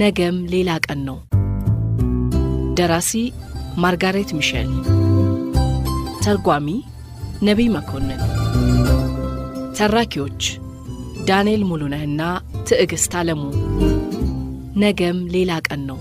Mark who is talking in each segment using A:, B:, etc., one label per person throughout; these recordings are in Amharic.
A: ነገም ሌላ ቀን ነው። ደራሲ ማርጋሬት ሚሸል ተርጓሚ ነቢይ መኮንን፣ ተራኪዎች ዳንኤል ሙሉነህና ትዕግሥት አለሙ። ነገም ሌላ ቀን ነው።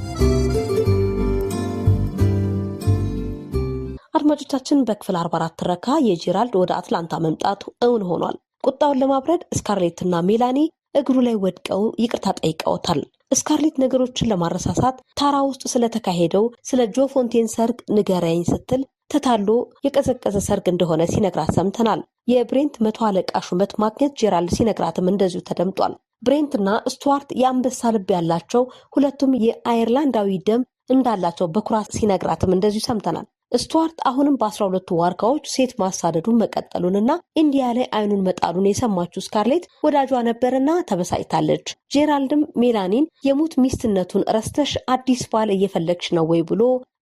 B: አድማጮቻችን በክፍል 44 ትረካ የጄራልድ ወደ አትላንታ መምጣቱ እውን ሆኗል። ቁጣውን ለማብረድ ስካርሌትና ሜላኒ እግሩ ላይ ወድቀው ይቅርታ ጠይቀውታል። ስካርሌት ነገሮችን ለማረሳሳት ታራ ውስጥ ስለተካሄደው ስለ ጆ ፎንቴን ሰርግ ንገረኝ ስትል ተታሎ የቀዘቀዘ ሰርግ እንደሆነ ሲነግራት ሰምተናል። የብሬንት መቶ አለቃ ሹመት ማግኘት ጄራልድ ሲነግራትም እንደዚሁ ተደምጧል። ብሬንትና ስቱዋርት የአንበሳ ልብ ያላቸው ሁለቱም የአየርላንዳዊ ደም እንዳላቸው በኩራት ሲነግራትም እንደዚሁ ሰምተናል። ስቱዋርት አሁንም በአስራ ሁለቱ ዋርካዎች ሴት ማሳደዱን መቀጠሉንና ኢንዲያ ላይ አይኑን መጣሉን የሰማችው ስካርሌት ወዳጇ ነበርና ተበሳጭታለች። ጄራልድም ሜላኒን የሙት ሚስትነቱን ረስተሽ አዲስ ባል እየፈለግሽ ነው ወይ ብሎ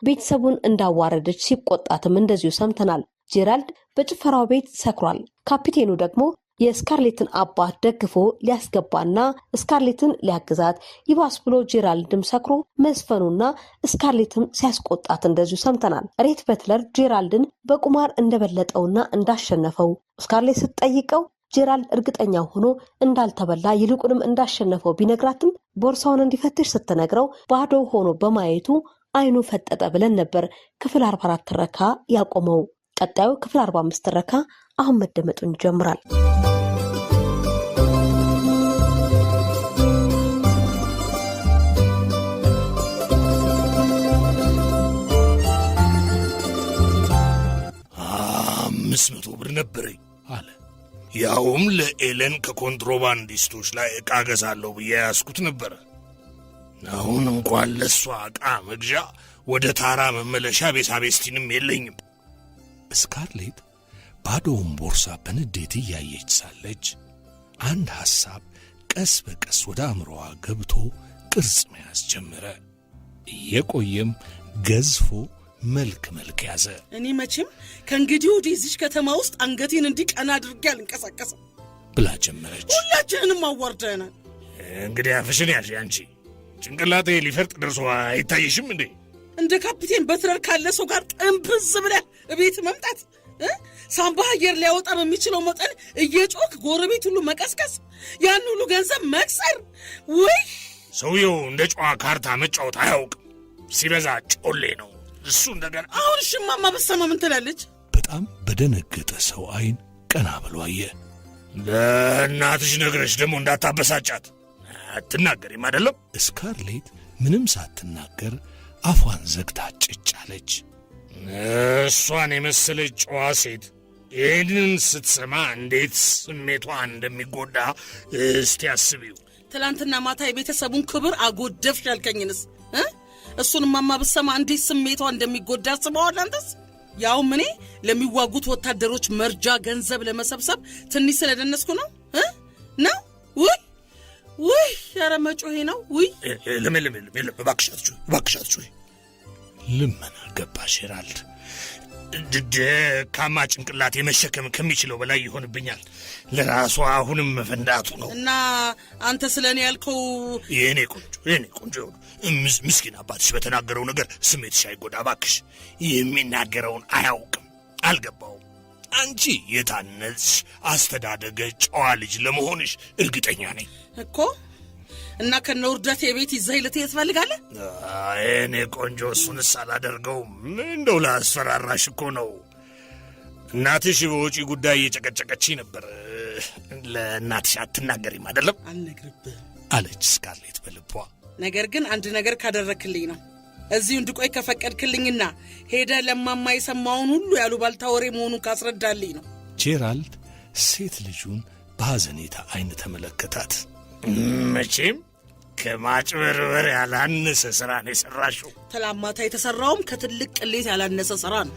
B: ቤተሰቡን እንዳዋረደች ሲቆጣትም እንደዚሁ ሰምተናል። ጄራልድ በጭፈራው ቤት ሰክሯል። ካፒቴኑ ደግሞ የስካርሌትን አባት ደግፎ ሊያስገባና ስካርሌትን ሊያግዛት ይባስ ብሎ ጄራልድም ሰክሮ መዝፈኑና ስካርሌትም ሲያስቆጣት እንደዚሁ ሰምተናል። ሬት በትለር ጄራልድን በቁማር እንደበለጠውና እንዳሸነፈው ስካርሌት ስትጠይቀው ጄራልድ እርግጠኛ ሆኖ እንዳልተበላ ይልቁንም እንዳሸነፈው ቢነግራትም ቦርሳውን እንዲፈትሽ ስትነግረው ባዶ ሆኖ በማየቱ አይኑ ፈጠጠ ብለን ነበር ክፍል 44 ትረካ ያቆመው። ቀጣዩ ክፍል 45 ትረካ አሁን መደመጡን ይጀምራል።
C: አምስት መቶ ብር ነበረኝ አለ። ያውም ለኤለን ከኮንትሮባንዲስቶች ላይ ዕቃ ገዛለሁ ብዬ ያስኩት ነበረ። አሁን እንኳን ለእሷ ዕቃ መግዣ ወደ ታራ መመለሻ ቤሳቤስቲንም የለኝም።
D: እስካርሌት ባዶውን ቦርሳ በንዴት እያየች ሳለች አንድ ሐሳብ ቀስ በቀስ ወደ አእምሮዋ ገብቶ ቅርጽ መያዝ ጀመረ። እየቆየም ገዝፎ መልክ መልክ ያዘ።
E: እኔ መቼም ከእንግዲህ ወዲህ እዚች ከተማ ውስጥ አንገቴን እንዲቀና አድርጌ አልንቀሳቀስም
D: ብላ ጀመረች።
E: ሁላችንንም አዋርደናል።
C: እንግዲህ አፍሽን ያሽ አንቺ ጭንቅላቴ ሊፈርጥ ደርሶ አይታይሽም እንዴ?
E: እንደ ካፕቴን በትረር ካለ ሰው ጋር ጥንብዝ ብለ እቤት መምጣት ሳምባ አየር ሊያወጣ በሚችለው መጠን እየጮክ ጎረቤት ሁሉ መቀስቀስ፣ ያን ሁሉ ገንዘብ መቅሰር። ውይ
C: ሰውየው እንደ ጨዋ ካርታ መጫወት አያውቅም። ሲበዛ ጮሌ ነው። እሱ እንደገና
E: አሁን ሽማማ በሰማ ምን ትላለች?
D: በጣም በደነገጠ ሰው አይን ቀና ብሎ አየ።
C: ለእናትሽ ነግረሽ ደግሞ እንዳታበሳጫት አትናገሪም አይደለም?
D: እስካርሌት ምንም ሳትናገር አፏን ዘግታ ጭጭ አለች።
C: እሷን የመሰለች ጨዋ ሴት ይህንን ስትሰማ እንዴት ስሜቷ እንደሚጎዳ እስቲ አስቢው።
E: ትናንትና ማታ የቤተሰቡን ክብር አጎደፍሽ ያልከኝንስ እሱን ማማ ብሰማ እንዴት ስሜቷ እንደሚጎዳ አስበዋል? አንተስ ያውም እኔ ለሚዋጉት ወታደሮች መርጃ ገንዘብ ለመሰብሰብ ትንሽ ስለደነስኩ ነው ነው ውይ ውይ ኧረ መጮሄ ነው ውይ
C: ልምን ልምን ልምን እባክሽ አትጩ እባክሽ አትጩ ልመና ገባሽ ሄራልድ ደካማ ጭንቅላት የመሸከም ከሚችለው በላይ ይሆንብኛል። ለራሷ አሁንም መፈንዳቱ ነው።
E: እና አንተ ስለ እኔ ያልከው
C: የእኔ ቆንጆ የእኔ ቆንጆ ምስኪን አባትሽ በተናገረው ነገር ስሜትሽ አይጎዳ እባክሽ። የሚናገረውን አያውቅም፣ አልገባውም። አንቺ የታነጽሽ አስተዳደገ ጨዋ ልጅ ለመሆንሽ እርግጠኛ ነኝ
E: እኮ እና ከነ ውርደት የቤት ይዘህ ልትሄድ ትፈልጋለህ?
C: እኔ ቆንጆ፣ እሱንስ አላደርገውም። እንደው ላስፈራራሽ እኮ ነው። እናትሽ በውጪ ጉዳይ እየጨቀጨቀች ነበር። ለእናትሽ አትናገሪም አይደለም?
E: አልነግርብህም
D: አለች ስካርሌት በልቧ።
E: ነገር ግን አንድ ነገር ካደረክልኝ ነው እዚሁ እንድቆይ ከፈቀድክልኝና ሄደ ለማማ የሰማውን ሁሉ ያሉ ወሬ መሆኑን ካስረዳልኝ ነው።
D: ጄራልድ ሴት ልጁን በሐዘኔታ አይን ተመለከታት።
C: መቼም ከማጭበርበር ያላነሰ ስራ ነው የሰራሽው።
E: ተላማታ የተሰራውም ከትልቅ ቅሌት ያላነሰ ስራ ነው።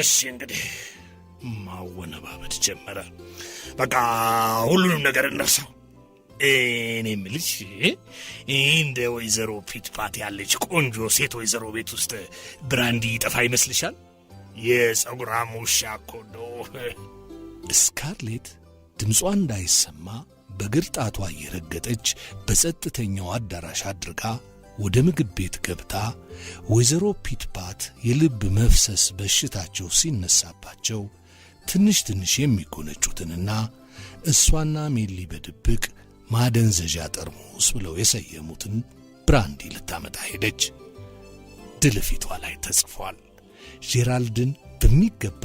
C: እሺ እንግዲህ ማወነባበድ ጀመረ። በቃ ሁሉንም ነገር እነርሳው። እኔ የምልሽ እንደ ወይዘሮ ፒትፓት ያለች ቆንጆ ሴት ወይዘሮ ቤት ውስጥ ብራንዲ ይጠፋ ይመስልሻል? የጸጉራም ውሻ እኮ ነው።
D: ስካርሌት ድምጿ እንዳይሰማ በግር ጣቷ እየረገጠች በጸጥተኛው አዳራሽ አድርጋ ወደ ምግብ ቤት ገብታ ወይዘሮ ፒትፓት የልብ መፍሰስ በሽታቸው ሲነሳባቸው ትንሽ ትንሽ የሚጎነጩትንና እሷና ሜሊ በድብቅ ማደንዘዣ ጠርሙስ ብለው የሰየሙትን ብራንዲ ልታመጣ ሄደች። ድል ፊቷ ላይ ተጽፏል። ጄራልድን በሚገባ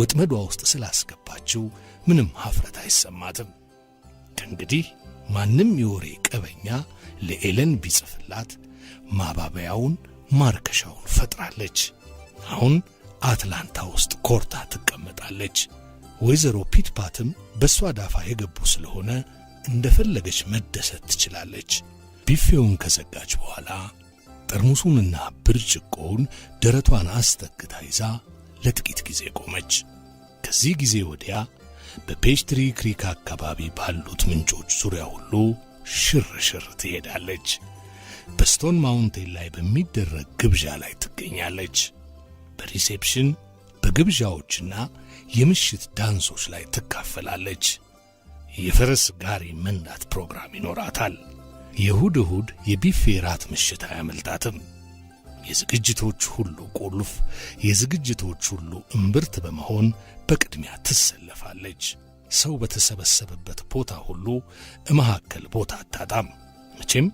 D: ወጥመዷ ውስጥ ስላስገባችው ምንም ሀፍረት አይሰማትም። ከእንግዲህ ማንም የወሬ ቀበኛ ለኤለን ቢጽፍላት ማባበያውን ማርከሻውን ፈጥራለች። አሁን አትላንታ ውስጥ ኮርታ ትቀመጣለች። ወይዘሮ ፒትፓትም በእሷ ዳፋ የገቡ ስለሆነ እንደፈለገች መደሰት ትችላለች። ቢፌውን ከዘጋች በኋላ ጠርሙሱንና ብርጭቆውን ደረቷን አስተግታ ይዛ ለጥቂት ጊዜ ቆመች። ከዚህ ጊዜ ወዲያ በፔችትሪ ክሪክ አካባቢ ባሉት ምንጮች ዙሪያ ሁሉ ሽርሽር ትሄዳለች። በስቶን ማውንቴን ላይ በሚደረግ ግብዣ ላይ ትገኛለች። በሪሴፕሽን በግብዣዎችና የምሽት ዳንሶች ላይ ትካፈላለች። የፈረስ ጋሪ መንዳት ፕሮግራም ይኖራታል። የእሁድ እሁድ የቢፌ ራት ምሽት አያመልጣትም። የዝግጅቶች ሁሉ ቁልፍ፣ የዝግጅቶች ሁሉ እምብርት በመሆን በቅድሚያ ትሰለፋለች። ሰው በተሰበሰበበት ቦታ ሁሉ መካከል ቦታ አታጣም። መቼም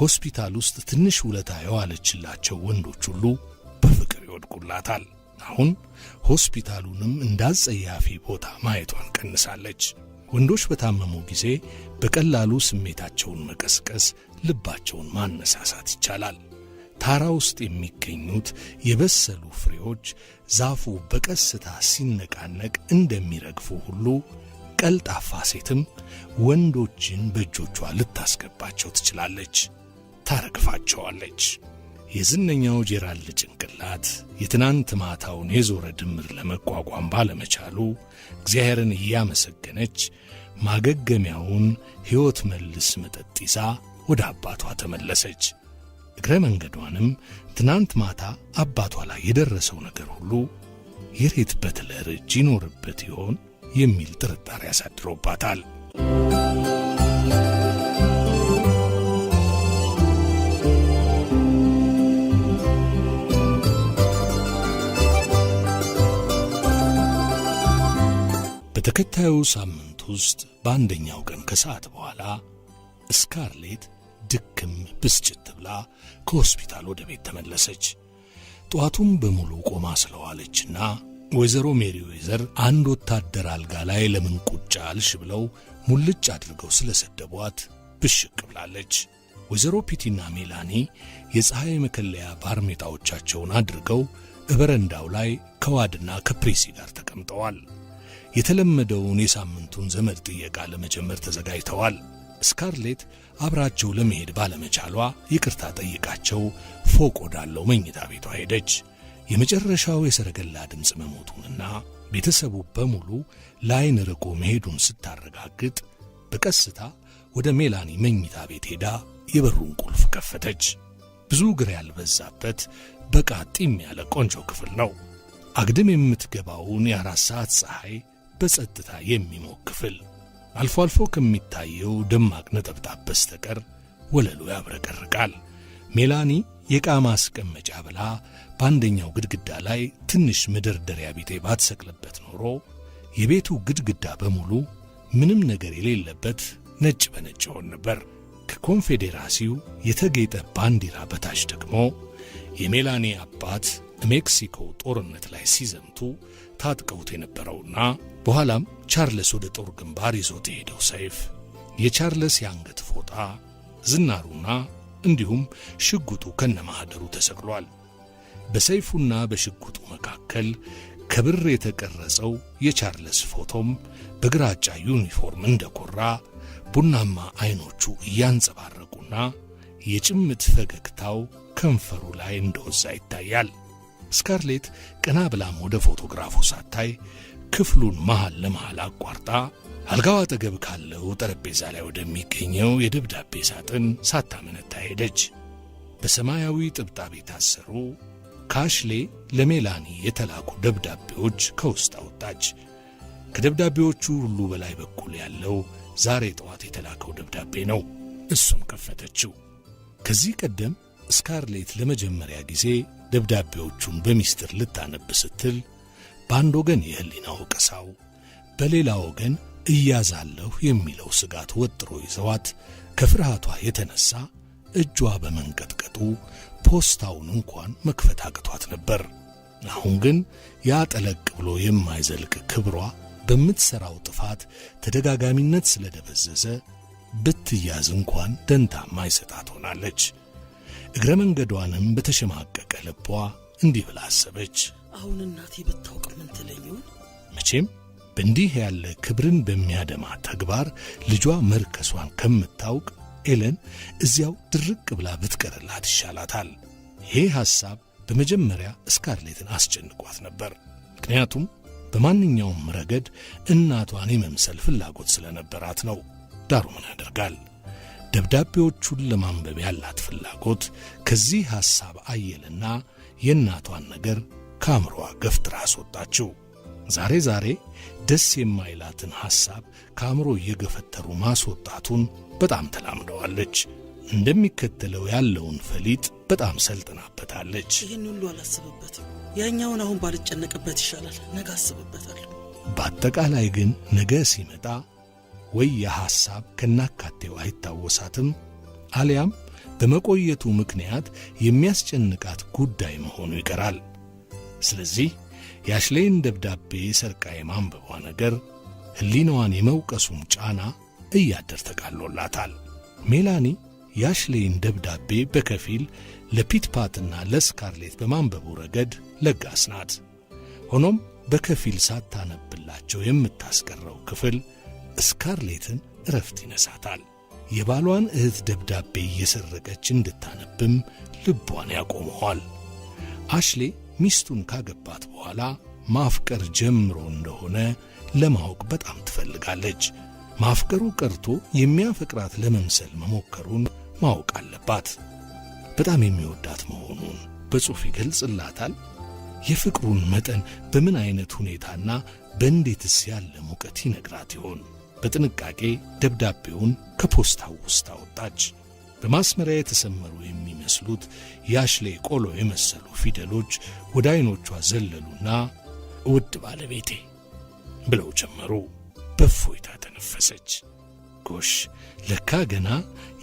D: ሆስፒታል ውስጥ ትንሽ ውለታ የዋለችላቸው ወንዶች ሁሉ በፍቅር ይወድቁላታል። አሁን ሆስፒታሉንም እንዳጸያፊ ቦታ ማየቷን ቀንሳለች። ወንዶች በታመሙ ጊዜ በቀላሉ ስሜታቸውን መቀስቀስ፣ ልባቸውን ማነሳሳት ይቻላል። ታራ ውስጥ የሚገኙት የበሰሉ ፍሬዎች ዛፉ በቀስታ ሲነቃነቅ እንደሚረግፉ ሁሉ ቀልጣፋ ሴትም ወንዶችን በእጆቿ ልታስገባቸው ትችላለች፣ ታረግፋቸዋለች። የዝነኛው ጄራልድ ጭንቅላት የትናንት ማታውን የዞረ ድምር ለመቋቋም ባለመቻሉ እግዚአብሔርን እያመሰገነች ማገገሚያውን ሕይወት መልስ መጠጥ ይዛ ወደ አባቷ ተመለሰች። እግረ መንገዷንም ትናንት ማታ አባቷ ላይ የደረሰው ነገር ሁሉ የሬት በትለር እጅ ይኖርበት ይሆን የሚል ጥርጣሬ ያሳድሮባታል። በተከታዩ ሳምንት ውስጥ በአንደኛው ቀን ከሰዓት በኋላ ስካርሌት ድክም ብስጭት ብላ ከሆስፒታል ወደ ቤት ተመለሰች። ጠዋቱም በሙሉ ቆማ ስለዋለችና ወይዘሮ ሜሪ ዌዘር አንድ ወታደር አልጋ ላይ ለምን ቁጭ አልሽ ብለው ሙልጭ አድርገው ስለሰደቧት ብሽቅ ብላለች። ወይዘሮ ፒቲና ሜላኒ የፀሐይ መከለያ ባርሜጣዎቻቸውን አድርገው እበረንዳው ላይ ከዋድና ከፕሬሲ ጋር ተቀምጠዋል። የተለመደውን የሳምንቱን ዘመድ ጥየቃ ለመጀመር ተዘጋጅተዋል። ስካርሌት አብራቸው ለመሄድ ባለመቻሏ ይቅርታ ጠይቃቸው ፎቅ ወዳለው መኝታ ቤቷ ሄደች። የመጨረሻው የሰረገላ ድምፅ መሞቱንና ቤተሰቡ በሙሉ ለአይን ርቆ መሄዱን ስታረጋግጥ በቀስታ ወደ ሜላኒ መኝታ ቤት ሄዳ የበሩን ቁልፍ ከፈተች። ብዙ ግር ያልበዛበት በቃጢም ያለ ቆንጆ ክፍል ነው። አግድም የምትገባውን የአራት ሰዓት ፀሐይ በጸጥታ የሚሞቅ ክፍል አልፎ አልፎ ከሚታየው ደማቅ ነጠብጣብ በስተቀር ወለሉ ያብረቀርቃል። ሜላኒ የዕቃ ማስቀመጫ ብላ በአንደኛው ግድግዳ ላይ ትንሽ መደርደሪያ ቢጤ ባትሰቅልበት ኖሮ የቤቱ ግድግዳ በሙሉ ምንም ነገር የሌለበት ነጭ በነጭ ይሆን ነበር። ከኮንፌዴራሲው የተጌጠ ባንዲራ በታች ደግሞ የሜላኒ አባት ሜክሲኮ ጦርነት ላይ ሲዘምቱ ታጥቀውት የነበረውና በኋላም ቻርለስ ወደ ጦር ግንባር ይዞት የሄደው ሰይፍ፣ የቻርለስ የአንገት ፎጣ፣ ዝናሩና እንዲሁም ሽጉጡ ከነማኅደሩ ተሰቅሏል። በሰይፉና በሽጉጡ መካከል ከብር የተቀረጸው የቻርለስ ፎቶም በግራጫ ዩኒፎርም እንደኮራ ቡናማ ዐይኖቹ እያንጸባረቁና የጭምት ፈገግታው ከንፈሩ ላይ እንደወዛ ይታያል። ስካርሌት ቀና ብላም ወደ ፎቶግራፉ ሳታይ ክፍሉን መሃል ለመሃል አቋርጣ አልጋው አጠገብ ካለው ጠረጴዛ ላይ ወደሚገኘው የደብዳቤ ሳጥን ሳታመነታ ሄደች። በሰማያዊ ጥብጣብ የታሰሩ ከአሽሌ ለሜላኒ የተላኩ ደብዳቤዎች ከውስጥ አወጣች። ከደብዳቤዎቹ ሁሉ በላይ በኩል ያለው ዛሬ ጠዋት የተላከው ደብዳቤ ነው። እሱም ከፈተችው። ከዚህ ቀደም ስካርሌት ለመጀመሪያ ጊዜ ደብዳቤዎቹን በሚስጥር ልታነብ ስትል በአንድ ወገን የሕሊናው ወቀሳው፣ በሌላ ወገን እያዛለሁ የሚለው ስጋት ወጥሮ ይዘዋት ከፍርሃቷ የተነሳ እጇ በመንቀጥቀጡ ፖስታውን እንኳን መክፈት አቅቷት ነበር። አሁን ግን ያ ጠለቅ ብሎ የማይዘልቅ ክብሯ በምትሠራው ጥፋት ተደጋጋሚነት ስለደበዘዘ ብትያዝ እንኳን ደንታ አይሰጣት ሆናለች። እግረ መንገዷንም በተሸማቀቀ ልቧ እንዲህ ብላ አሰበች።
E: አሁን እናቴ ብታውቅ ምን ትለኝ
D: መቼም በእንዲህ ያለ ክብርን በሚያደማ ተግባር ልጇ መርከሷን ከምታውቅ ኤለን እዚያው ድርቅ ብላ ብትቀርላት ይሻላታል። ይሄ ሐሳብ በመጀመሪያ እስካርሌትን አስጨንቋት ነበር። ምክንያቱም በማንኛውም ረገድ እናቷን የመምሰል ፍላጎት ስለነበራት ነው። ዳሩ ምን ያደርጋል ደብዳቤዎቹን ለማንበብ ያላት ፍላጎት ከዚህ ሐሳብ አየልና የእናቷን ነገር ከአእምሯ ገፍትራ አስወጣችው። ዛሬ ዛሬ ደስ የማይላትን ሐሳብ ከአእምሮ እየገፈተሩ ማስወጣቱን በጣም ተላምደዋለች። እንደሚከተለው ያለውን ፈሊጥ በጣም ሰልጥናበታለች።
E: ይህን ሁሉ አላስብበትም። ያኛውን አሁን ባልጨነቅበት ይሻላል። ነገ አስብበታለሁ።
D: በአጠቃላይ ግን ነገ ሲመጣ ወይ የሐሳብ ከናካቴው አይታወሳትም አሊያም በመቆየቱ ምክንያት የሚያስጨንቃት ጉዳይ መሆኑ ይቀራል። ስለዚህ የአሽሌይን ደብዳቤ ሰርቃ የማንበቧ ነገር ሕሊናዋን የመውቀሱም ጫና እያደር ተቃሎላታል። ሜላኒ የአሽሌይን ደብዳቤ በከፊል ለፒትፓትና ለስካርሌት በማንበቡ ረገድ ለጋስ ናት። ሆኖም በከፊል ሳታነብላቸው የምታስቀረው ክፍል ስካርሌትን እረፍት ይነሳታል። የባሏን እህት ደብዳቤ እየሰረቀች እንድታነብም ልቧን ያቆመዋል። አሽሌ ሚስቱን ካገባት በኋላ ማፍቀር ጀምሮ እንደሆነ ለማወቅ በጣም ትፈልጋለች። ማፍቀሩ ቀርቶ የሚያፈቅራት ለመምሰል መሞከሩን ማወቅ አለባት። በጣም የሚወዳት መሆኑን በጽሑፍ ይገልጽላታል። የፍቅሩን መጠን በምን አይነት ሁኔታና በእንዴትስ ያለ ሙቀት ይነግራት ይሆን? በጥንቃቄ ደብዳቤውን ከፖስታው ውስጥ አወጣች። በማስመሪያ የተሰመሩ የሚመስሉት የአሽሌ ቆሎ የመሰሉ ፊደሎች ወደ ዐይኖቿ ዘለሉና ውድ ባለቤቴ ብለው ጀመሩ። በእፎይታ ተነፈሰች። ጎሽ ለካ ገና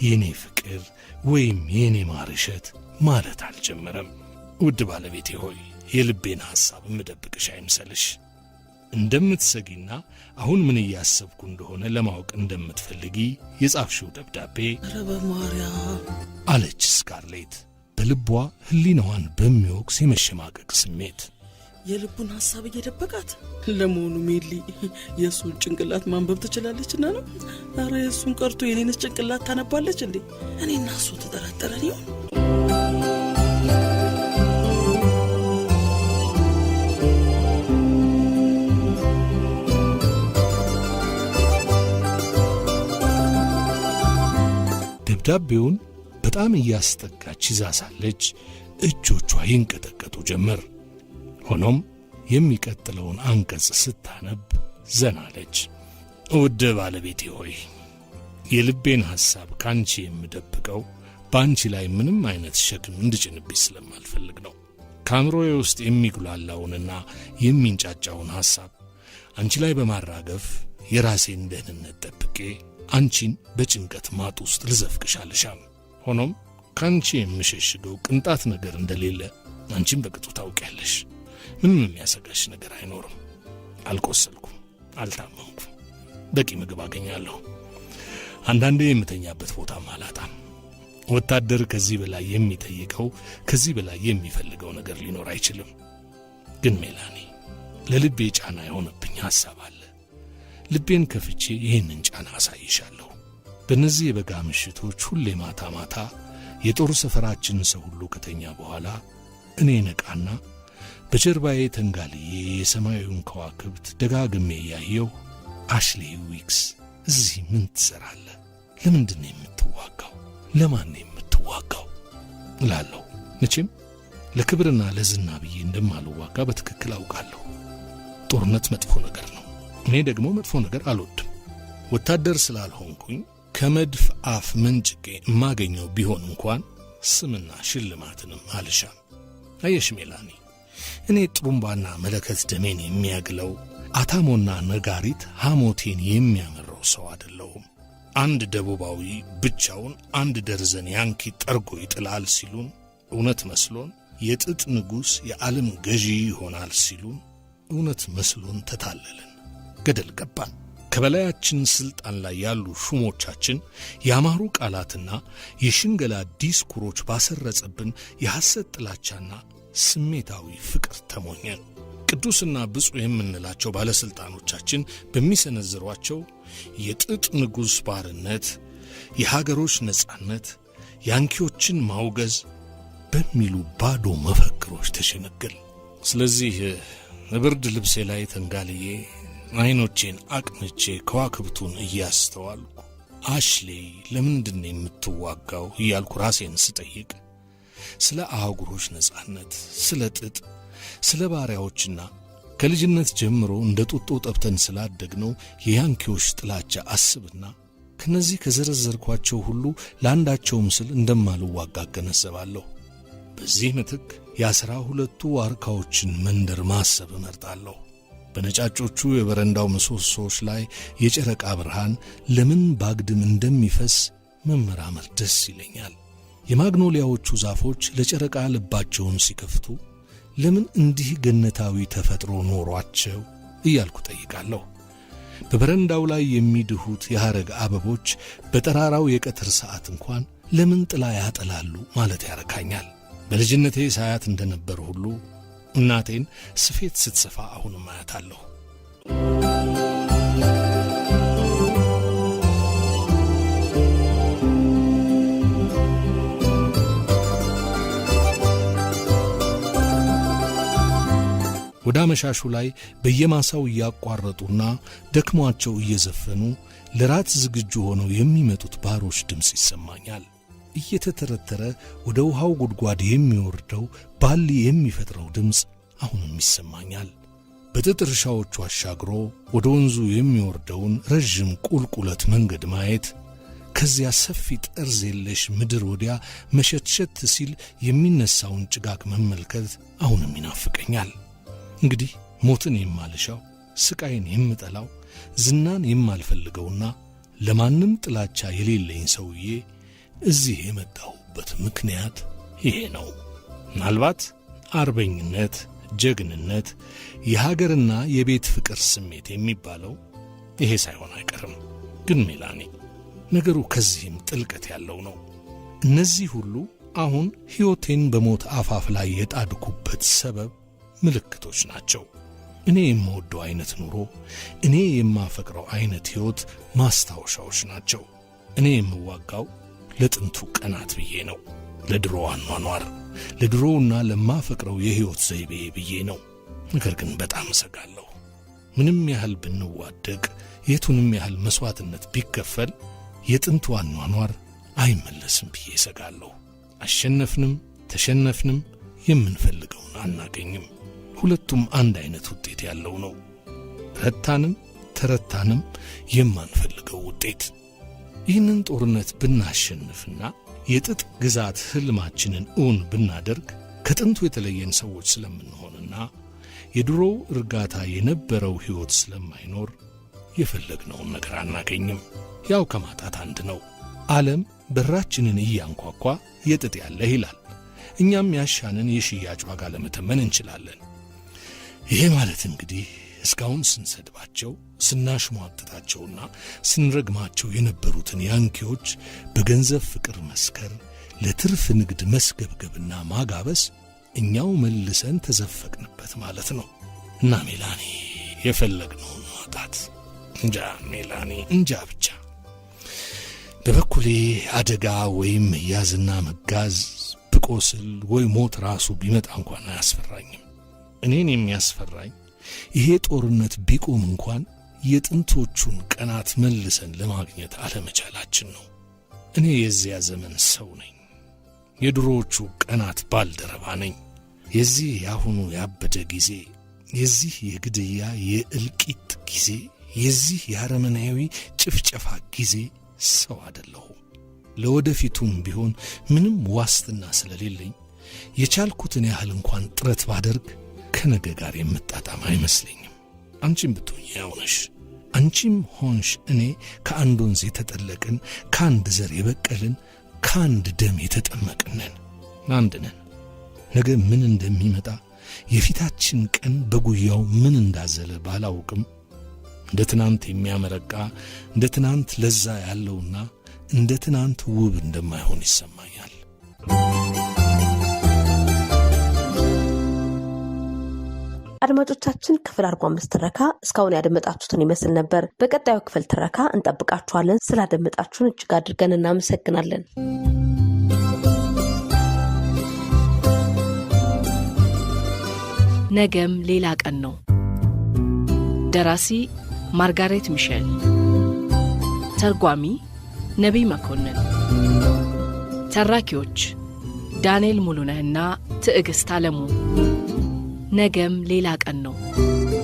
D: የእኔ ፍቅር ወይም የእኔ ማርሸት ማለት አልጀመረም። ውድ ባለቤቴ ሆይ የልቤን ሐሳብ ምደብቅሽ አይምሰልሽ። እንደምትሰጊና አሁን ምን እያሰብኩ እንደሆነ ለማወቅ እንደምትፈልጊ የጻፍሽው ደብዳቤ
E: ረበማርያ
D: አለች ስካርሌት በልቧ ህሊናዋን በሚወቅስ የመሸማቀቅ ስሜት
E: የልቡን ሐሳብ እየደበቃት ለመሆኑ ሜሊ የእሱን ጭንቅላት ማንበብ ትችላለችና ነው? ኧረ የእሱን ቀርቶ የኔነት ጭንቅላት ታነባለች እንዴ? እኔና እሱ ተጠራጠረን ይሆን?
D: ደብዳቤውን በጣም እያስጠጋች ይዛ ሳለች እጆቿ ይንቀጠቀጡ ጀመር። ሆኖም የሚቀጥለውን አንቀጽ ስታነብ ዘናለች። ውድ ባለቤቴ ሆይ የልቤን ሐሳብ ከአንቺ የምደብቀው በአንቺ ላይ ምንም አይነት ሸክም እንድጭንብሽ ስለማልፈልግ ነው። ከአእምሮዬ ውስጥ የሚጉላላውንና የሚንጫጫውን ሐሳብ አንቺ ላይ በማራገፍ የራሴን ደህንነት ጠብቄ አንቺን በጭንቀት ማጥ ውስጥ ልዘፍቅሽ አልሻም። ሆኖም ከአንቺ የምሸሽገው ቅንጣት ነገር እንደሌለ አንቺን በቅጡ ታውቂያለሽ። ምንም የሚያሰጋሽ ነገር አይኖርም። አልቆሰልኩም፣ አልታመምኩም፣ በቂ ምግብ አገኛለሁ። አንዳንዴ የምተኛበት ቦታም አላጣም። ወታደር ከዚህ በላይ የሚጠይቀው ከዚህ በላይ የሚፈልገው ነገር ሊኖር አይችልም። ግን ሜላኒ፣ ለልቤ ጫና የሆነብኝ ሐሳብ አለ። ልቤን ከፍቼ ይህንን ጫና አሳይሻለሁ። በእነዚህ የበጋ ምሽቶች ሁሌ ማታ ማታ የጦር ሰፈራችን ሰው ሁሉ ከተኛ በኋላ እኔ ነቃና በጀርባዬ ተንጋልዬ የሰማዩን ከዋክብት ደጋግሜ እያየው አሽሌ ዊክስ እዚህ ምን ትሠራለህ? ለምንድን ነው የምትዋጋው? ለማን ነው የምትዋጋው? እላለሁ። መቼም ለክብርና ለዝና ብዬ እንደማልዋጋ በትክክል አውቃለሁ። ጦርነት መጥፎ ነገር ነው። እኔ ደግሞ መጥፎ ነገር አልወድም። ወታደር ስላልሆንኩኝ ከመድፍ አፍ መንጭቄ የማገኘው ቢሆን እንኳን ስምና ሽልማትንም አልሻም። አየሽ ሜላኒ፣ እኔ ጥሩምባና መለከት ደሜን የሚያግለው አታሞና ነጋሪት ሐሞቴን የሚያመረው ሰው አይደለሁም። አንድ ደቡባዊ ብቻውን አንድ ደርዘን ያንኪ ጠርጎ ይጥላል ሲሉን እውነት መስሎን፣ የጥጥ ንጉሥ የዓለም ገዢ ይሆናል ሲሉን እውነት መስሎን ተታለልን። ገደል ገባን። ከበላያችን ስልጣን ላይ ያሉ ሹሞቻችን ያማሩ ቃላትና የሽንገላ ዲስኩሮች ባሰረጸብን የሐሰት ጥላቻና ስሜታዊ ፍቅር ተሞኘን። ቅዱስና ብፁዕ የምንላቸው ባለሥልጣኖቻችን በሚሰነዝሯቸው የጥጥ ንጉሥ ባርነት፣ የሀገሮች ነጻነት፣ ያንኪዎችን ማውገዝ በሚሉ ባዶ መፈክሮች ተሸነገል። ስለዚህ ብርድ ልብሴ ላይ ተንጋልዬ አይኖቼን አቅንቼ ከዋክብቱን እያስተዋልኩ አሽሌ ለምንድን የምትዋጋው እያልኩ ራሴን ስጠይቅ ስለ አህጉሮች ነጻነት፣ ስለ ጥጥ፣ ስለ ባሪያዎችና ከልጅነት ጀምሮ እንደ ጡጦ ጠብተን ስላደግነው የያንኪዎች ጥላቻ አስብና ከነዚህ ከዘረዘርኳቸው ሁሉ ለአንዳቸውም ስል እንደማልዋጋ እገነዘባለሁ። በዚህ ምትክ የአሥራ ሁለቱ ዋርካዎችን መንደር ማሰብ እመርጣለሁ። በነጫጮቹ የበረንዳው ምሰሶዎች ላይ የጨረቃ ብርሃን ለምን ባግድም እንደሚፈስ መመራመር ደስ ይለኛል። የማግኖሊያዎቹ ዛፎች ለጨረቃ ልባቸውን ሲከፍቱ ለምን እንዲህ ገነታዊ ተፈጥሮ ኖሯቸው እያልኩ ጠይቃለሁ። በበረንዳው ላይ የሚድሁት የሐረግ አበቦች በጠራራው የቀትር ሰዓት እንኳን ለምን ጥላ ያጠላሉ ማለት ያረካኛል። በልጅነቴ ሳያት እንደነበር ሁሉ እናቴን ስፌት ስትሰፋ አሁንም ማያታለሁ። ወደ አመሻሹ ላይ በየማሳው እያቋረጡና ደክሟቸው እየዘፈኑ ለራት ዝግጁ ሆነው የሚመጡት ባሮች ድምፅ ይሰማኛል። እየተተረተረ ወደ ውሃው ጉድጓድ የሚወርደው ባሊ የሚፈጥረው ድምፅ አሁንም ይሰማኛል። በጥጥርሻዎቹ አሻግሮ ወደ ወንዙ የሚወርደውን ረዥም ቁልቁለት መንገድ ማየት ከዚያ ሰፊ ጠርዝ የለሽ ምድር ወዲያ መሸትሸት ሲል የሚነሳውን ጭጋግ መመልከት አሁንም ይናፍቀኛል። እንግዲህ ሞትን የማልሻው ስቃይን የምጠላው ዝናን የማልፈልገውና ለማንም ጥላቻ የሌለኝ ሰውዬ እዚህ የመጣሁበት ምክንያት ይሄ ነው። ምናልባት አርበኝነት ጀግንነት፣ የሀገርና የቤት ፍቅር ስሜት የሚባለው ይሄ ሳይሆን አይቀርም። ግን ሜላኒ፣ ነገሩ ከዚህም ጥልቀት ያለው ነው። እነዚህ ሁሉ አሁን ሕይወቴን በሞት አፋፍ ላይ የጣድኩበት ሰበብ ምልክቶች ናቸው። እኔ የምወደው ዐይነት ኑሮ፣ እኔ የማፈቅረው ዐይነት ሕይወት ማስታወሻዎች ናቸው። እኔ የምዋጋው ለጥንቱ ቀናት ብዬ ነው፣ ለድሮ አኗኗር ለድሮውና ለማፈቅረው የሕይወት ዘይቤ ብዬ ነው። ነገር ግን በጣም እሰጋለሁ። ምንም ያህል ብንዋደቅ፣ የቱንም ያህል መሥዋዕትነት ቢከፈል የጥንቱ አኗኗር አይመለስም ብዬ እሰጋለሁ። አሸነፍንም ተሸነፍንም የምንፈልገውን አናገኝም። ሁለቱም አንድ አይነት ውጤት ያለው ነው። ረታንም ተረታንም የማንፈልገው ውጤት። ይህንን ጦርነት ብናሸንፍና የጥጥ ግዛት ህልማችንን እውን ብናደርግ ከጥንቱ የተለየን ሰዎች ስለምንሆንና የድሮው እርጋታ የነበረው ሕይወት ስለማይኖር የፈለግነውን ነገር አናገኝም። ያው ከማጣት አንድ ነው። ዓለም በራችንን እያንኳኳ የጥጥ ያለህ ይላል። እኛም ያሻንን የሽያጭ ዋጋ ለመተመን እንችላለን። ይሄ ማለት እንግዲህ እስካሁን ስንሰድባቸው ስናሽሟጥጣቸውና ስንረግማቸው የነበሩትን ያንኪዎች በገንዘብ ፍቅር መስከር፣ ለትርፍ ንግድ መስገብገብና ማጋበስ እኛው መልሰን ተዘፈቅንበት ማለት ነው። እና ሜላኒ የፈለግነውን ማጣት እንጃ፣ ሜላኒ እንጃ ብቻ። በበኩሌ አደጋ ወይም መያዝና መጋዝ ብቆስል ወይ ሞት ራሱ ቢመጣ እንኳን አያስፈራኝም። እኔን የሚያስፈራኝ ይሄ ጦርነት ቢቆም እንኳን የጥንቶቹን ቀናት መልሰን ለማግኘት አለመቻላችን ነው። እኔ የዚያ ዘመን ሰው ነኝ። የድሮዎቹ ቀናት ባልደረባ ነኝ። የዚህ የአሁኑ ያበደ ጊዜ፣ የዚህ የግድያ የእልቂት ጊዜ፣ የዚህ የአረመናዊ ጭፍጨፋ ጊዜ ሰው አደለሁም። ለወደፊቱም ቢሆን ምንም ዋስትና ስለሌለኝ የቻልኩትን ያህል እንኳን ጥረት ባደርግ ከነገ ጋር የምጣጣም አይመስለኝም። አንቺም ብትሆኝ ያው ነሽ። አንቺም ሆንሽ እኔ ከአንድ ወንዝ የተጠለቅን፣ ከአንድ ዘር የበቀልን፣ ከአንድ ደም የተጠመቅንን አንድ ነን። ነገ ምን እንደሚመጣ የፊታችን ቀን በጉያው ምን እንዳዘለ ባላውቅም እንደ ትናንት የሚያመረቃ እንደ ትናንት ለዛ ያለውና እንደ ትናንት ውብ እንደማይሆን ይሰማኛል።
B: አድማጮቻችን ክፍል አርባ አምስት ትረካ እስካሁን ያደመጣችሁትን ይመስል ነበር። በቀጣዩ ክፍል ትረካ እንጠብቃችኋለን። ስላደመጣችሁን እጅግ አድርገን እናመሰግናለን።
A: ነገም ሌላ ቀን ነው። ደራሲ ማርጋሬት ሚሼል፣ ተርጓሚ ነቢይ መኮንን፣ ተራኪዎች ዳንኤል ሙሉነህና ትዕግሥት አለሙ ነገም ሌላ ቀን ነው።